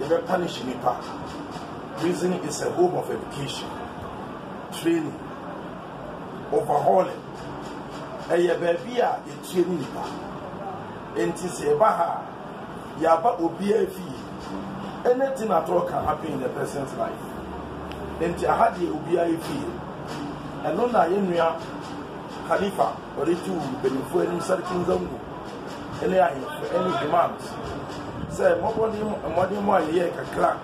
yɛbɛ punish nipa prison is a home of education training overhauling ɛyɛ baabi a yɛtue ne nipa nti sɛ yɛba ha a yɛaba obiara fie anything at all can happen in a person's life nti aha deɛ obiara fie ɛno na yɛnnua khalifa ɔde tu mpanyinfoɔ anim sɛ kinza ngu ɛne ahemfo any demands. sɛ mmɔden mu a yɛyɛ kakra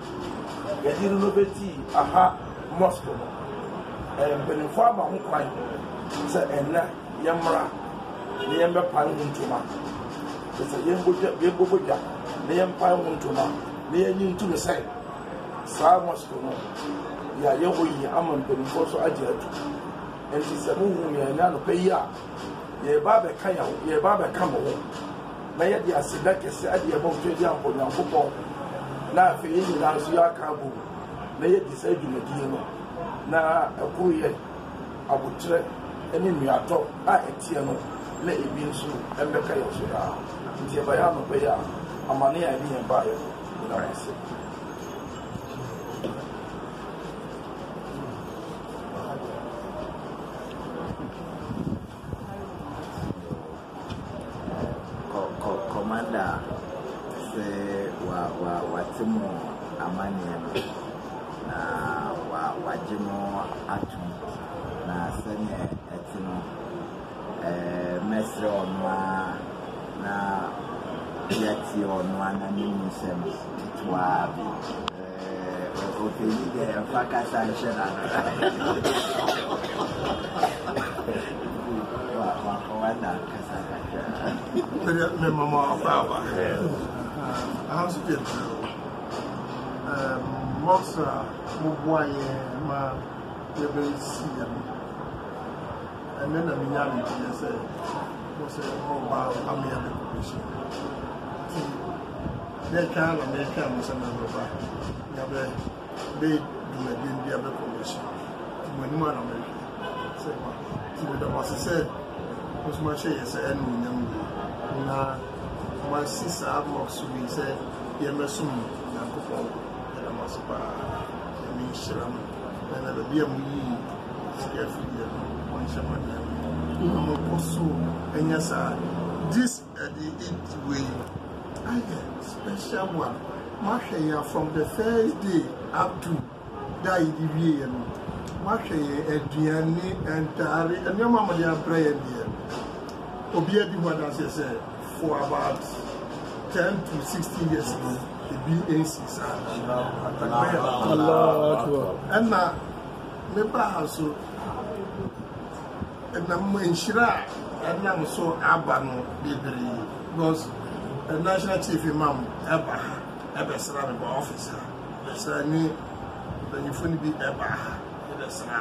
yɛde no no bɛtii aha mosque no mpanimfoɔ aba ho kwan sɛ ɛnɛ yɛmmra na yɛmbɛpan ho ntoma sɛ na yɛmpan ho ntoma na yɛnyi ntum sɛ saa mosque no yɛayɛ hɔ yi ama mpanimfoɔ so agye atu nti sɛ mohu yɛn ne yi a abɛka abɛka na yɛde aseda kɛse ade ɛbɔ nso adi abɔ nyankopɔn na afei yɛ nyinaa nso yɛ aka abom na yɛdi sɛ dwumadie no na ɛkoro yɛ abotire ne nnuatɔ a ɛteɛ no na ebi nso mmɛka yɛ so daa nti ɛbɛyɛ anɔpɛ yɛ a amane a ɛne yɛn baeɛ no nyinaa ase da sɛ wa wa wate mo amanneɛ no na wa wagye mo ato na sɛnea ɛte no ɛɛ eh, mɛsrɛ ɔno a na yɛte ɔno a na ne mu nsɛm ketewa bi ɛɛ ɔpɛyi dɛ ɛfa kasa nhyɛ n'ano. 我我我我哪个啥感觉？tẹ̀lé mi mọ̀mọ́ afa wa ahosuo yɛ mɔks a moboa yɛ ma yɛbɛsi yɛ no ɛnɛ na menya adeɛ sɛ mɔsɛ ɔba amea no kɔhyɛ nti yɛtwa na mɛtwa mo sɛ mɛbɛba yɛbɛ bɛdumadin bi abɛkɔ kɔhyɛ nti mo anim a na mɛhwɛ sɛ nti medabase sɛ mosomahyɛ yɛ sɛ ɛne onyam na masi saa mɔkso bi sɛ yɛmɛsom nyankopɔn ɛna mɔso paa ɛne nhyira mu ɛna baabi a mo yii sika afidie no wɔnhyɛ madan mu na mɔkɔ so ɛnyɛ saa this ɛde eight way ayɛ special one mahwɛ yɛ from the first day up to da a yɛde wie yɛ no mahwɛ yɛ aduane ntaare nneɛma a mɔde abrɛ yɛ deɛ obiara di ho adanseɛ sɛ for about 10 to 16 years now ebi nsis atagbaya ɛna mebaa so ɛnam nhyira a ɛnam so aba no bebree because national chief imam ɛba ha ɛbɛsra the officer, ɔfis ha the nye mpanyinfo no bi ɛba ha ɛbɛsra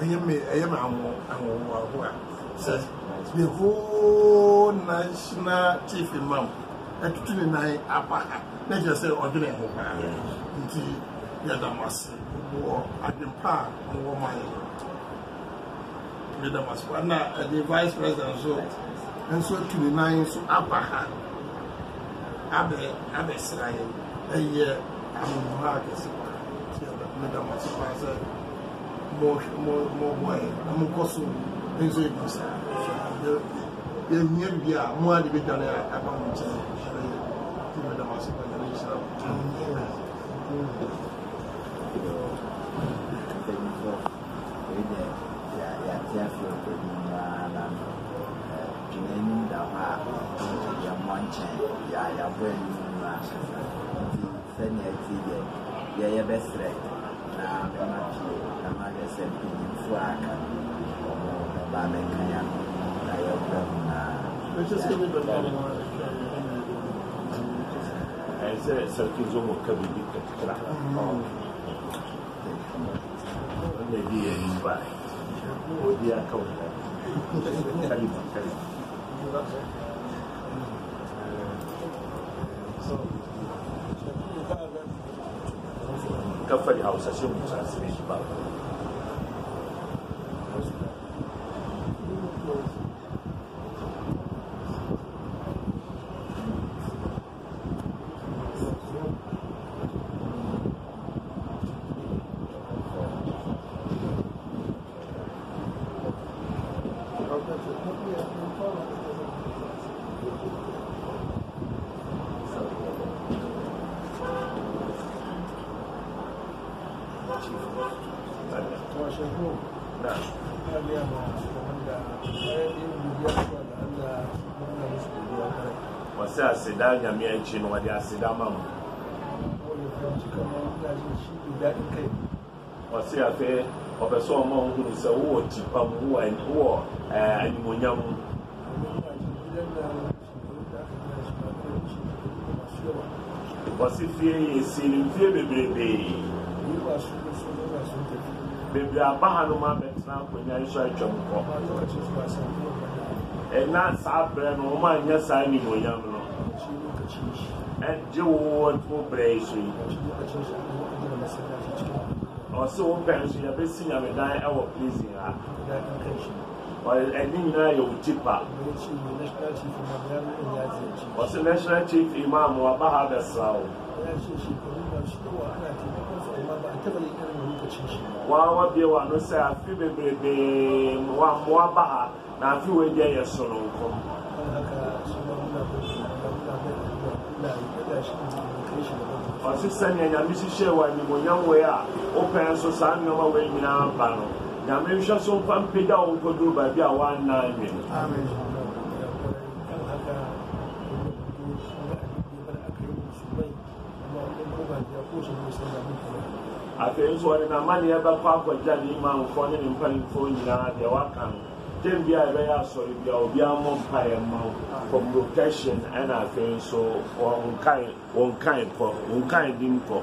me ɛyɛ me ɛyɛ me ahoɔ says the whole national chief imam ɛtutu ne nan aba ha na kyerɛ sɛ ɔdwene ho paa nti yɛda mo ase wɔ adwempa a mowɔ ma yɛ yɛda mo ase pa na ɛde vice president so nso atu ne nan nso aba ha abɛ abɛsra yɛ ɛyɛ amomoha akɛse pa yɛda mo ase pa sɛ mo mo mo bɔ yɛ na mo kɔ so nso yɛ bisa yɛhia bi a mo a de bɛ dane aba mo nkyɛn ɛyɛ ti bɛ dam ase pɛn ɛyɛ hyira yɛabɔ anim no a sɛnea ɛti yɛ yɛyɛ bɛserɛ 把那个呀，还有灯啊。那就是日本的吗？还是设计中国特别的特色啦。哦。那你也明白，我一样看不出来。看你嘛，看你。Kau faham sesuatu yang sangat sulit juga. wɔsɛ aseda nyame akyi no wɔde aseda ma mu ɔse afei ɔpɛ sɛ ɔma wo hunu sɛ wowɔ tipa mu wowɔ animonyam mu ɔse fie yɛ siri mfie bebrebee bebree aba hanom abɛtena akonnwa nso atwam kɔ ɛna saa berɛ no wɔn a nyɛ saa nimonyam no ɛgye wo wo berɛ yi so yi ɔse wo pɛ nso yɛbɛsi nyamedan ɛwɔ prison ha Elin na ya wuce ba. Wasu National Chief Imam wa ba ha da sawo. Wa wa biya wa no sai afi bebrebe wa muwa ba ha na afi wai biya ya soro nko. Wasu sani ya nyamisi shewa ni mo nyanwe a, o pɛn so saa nneɛma wei nyinaa ba no nyame nhwɛ so mfa mpagya wo nkɔduru baabi a woannan nwe no afei nso ɔde n'amanneɛ bɛkɔ akɔgya ne imanfoɔ ne ne mpanimfoɔ nyinaa deɛ waka no tem bi a ɛbɛyɛ asɔre bi a obi mpaeɛ ma from location ɛna afei nso wɔnkae wɔnkae kɔ wɔnkae din kɔ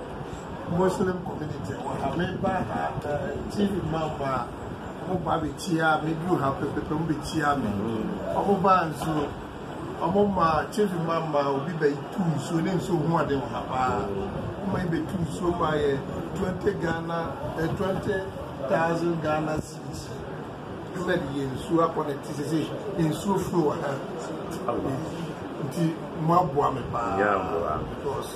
muslim community meba ha uh, chief imam a ɔmoba bɛkyia meduru ha pɛpɛpɛ mu bɛkyia me ɔmoba nso ɔmo ma chief imam a uh, obi bɛtu nsuo ne nsuo ho ade wɔ ha paa ɔma yi bɛtu nsuo ma yɛ twenty ghana eh, twenty thousand ghana cedis ɛna de yɛ nsuo akɔ ne ti sese nsuo furo wɔ ha nti mo aboa me paa because.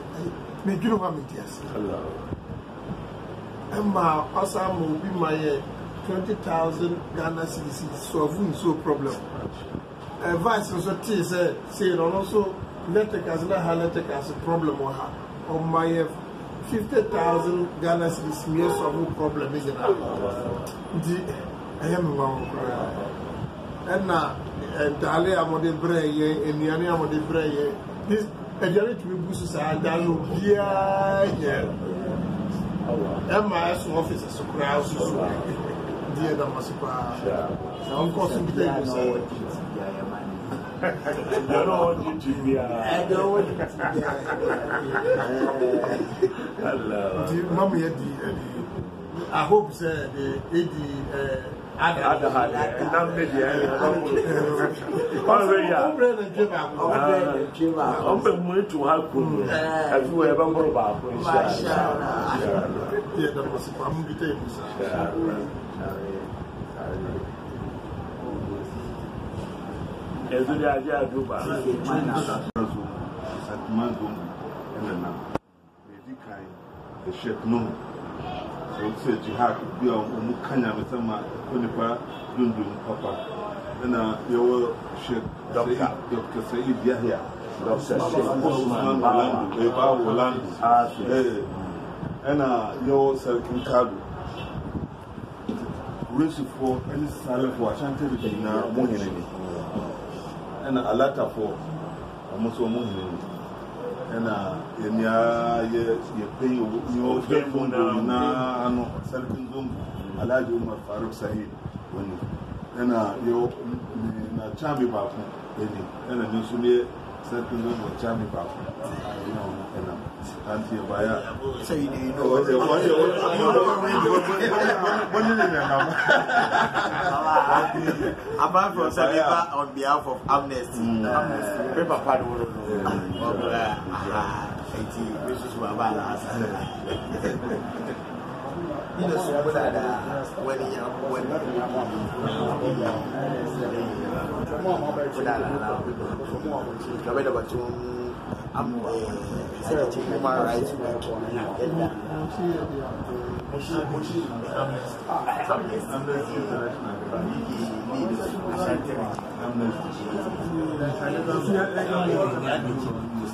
medwiri hɔ a medi ase ɛma ɔsan ma obi ma yɛ twenty thousand ghana cedis sɔfo nsuo problem ɛvaase nso tee sɛ sei no ɔno nso letekase na ha letekase problem wɔ ha ɔma yɛ 50,000 thousand ghana cedis mmea sɔfo problem nyinaa nti ɛyɛ mma wɔn koraa ɛna ntaale a wɔde brɛ yɛ nnuane a wɔde brɛ yɛ this aduane tumi bu so saa da no obiara yɛ ɛma ɛso ɔfisi so koraa so so deɛ dama so paa sɛ ɔnkɔ so bi tɛ sɛ a. ɛdá wọn di ju bi a. nti mamu yɛ di ɛdi i hope sɛ ɛdi ɛdi adaha nam bɛ di yan yɛrɛ b'an bolo ɔn bɛ yan ɔn bɛ mun tun ha kun a fi wɛrɛ b'an bolo b'a kun siya yanzu da aje a duba ɛna nam ɛdi kan ɛhyɛ nuhu sɛ jihad bi a ɔmo ka nyamesɛm a ɛkɔ nipa dundun papa ɛna yɛwɔ hyɛ dr said yahya ɛba wolando ɛna yɛwɔ sarkin kado ɛne salefoɔ ahyɛnte de nyinaa ɔmo hene ni ɛna alatafoɔ ɔmo nso ɔmo hene ni ɛna yɛnea yɛpɛi yɛwɔfɛfo na ano sarkin zongo alhaji umar faruk sahid wani ɛna yɛwɔ na chami baako ɛni ɛna ne nso ne sai ku zo bauta mu ba ku ina wani kana an ce baya sai ne ino wani wani wani ne na mama apart from Saliba on behalf of Amnesty Amnesty paper pad woro no eti mesusu baba la asa ina su kula da wani abubuwan da game da batun amma um, sai human rights work yadda Amnesty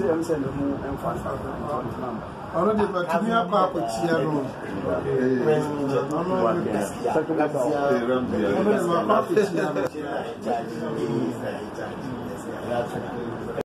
International. ɔno de batumi akɔ akɔkyia no ɔno ɔno de bakɔ akɔkyia no